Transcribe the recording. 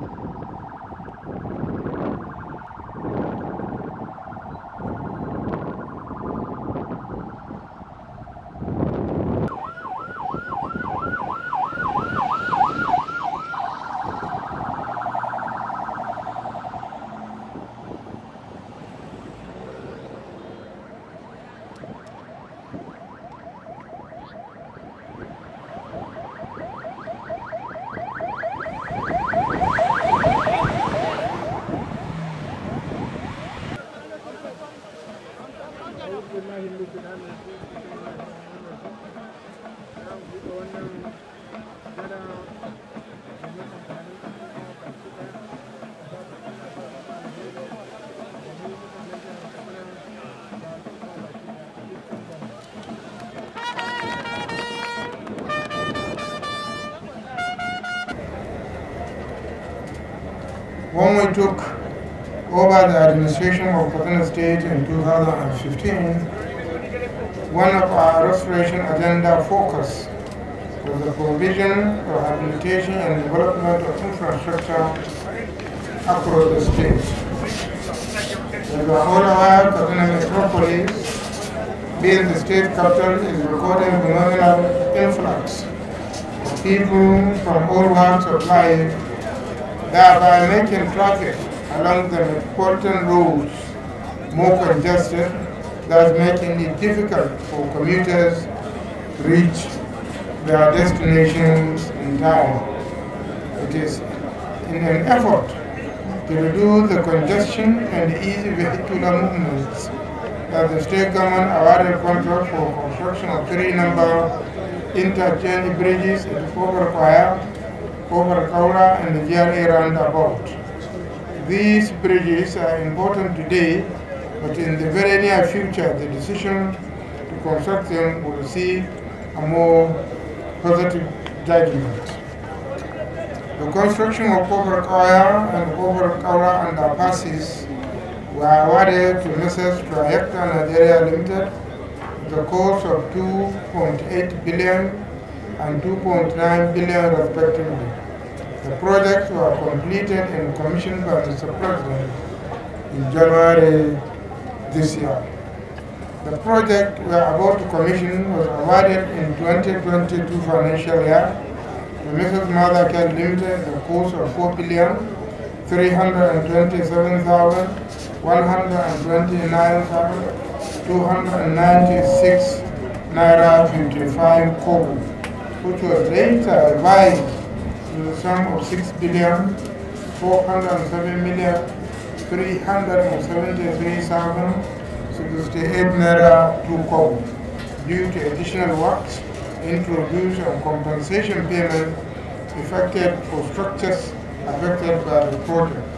you moom mooy toog over the administration of Kaduna State in 2015, one of our restoration agenda focus was the provision for rehabilitation and development of infrastructure across the state. As we are all aware, Kaduna Metropolis, being the state capital, is recording phenomenal influx of people from all walks of life, thereby making traffic along the important roads more congested, thus making it difficult for commuters to reach their destinations in time. It is in an effort to reduce the congestion and ease vehicular movements that the state government awarded contract for construction of three number interchange bridges at Fobar Kwaya, Fobar Kaura, and the GRA roundabout. These bridges are important today, but in the very near future, the decision to construct them will receive a more positive judgment. The construction of Pobrek Oil and Pobrek Aura underpasses were awarded to Mrs. Trajecta Nigeria Limited at the cost of 2.8 billion and 2.9 billion respectively. The projects were completed and commissioned by Mr. President in January this year. The project we are about to commission was awarded in 2022 financial year The Mrs. Mother Care Limited the cost of 4 billion 327,129,296 naira 55 kobo, which was later revised the sum of 6 billion 407 million 373,068 naira to come due to additional works introduced on compensation payment effected for structures affected by the project.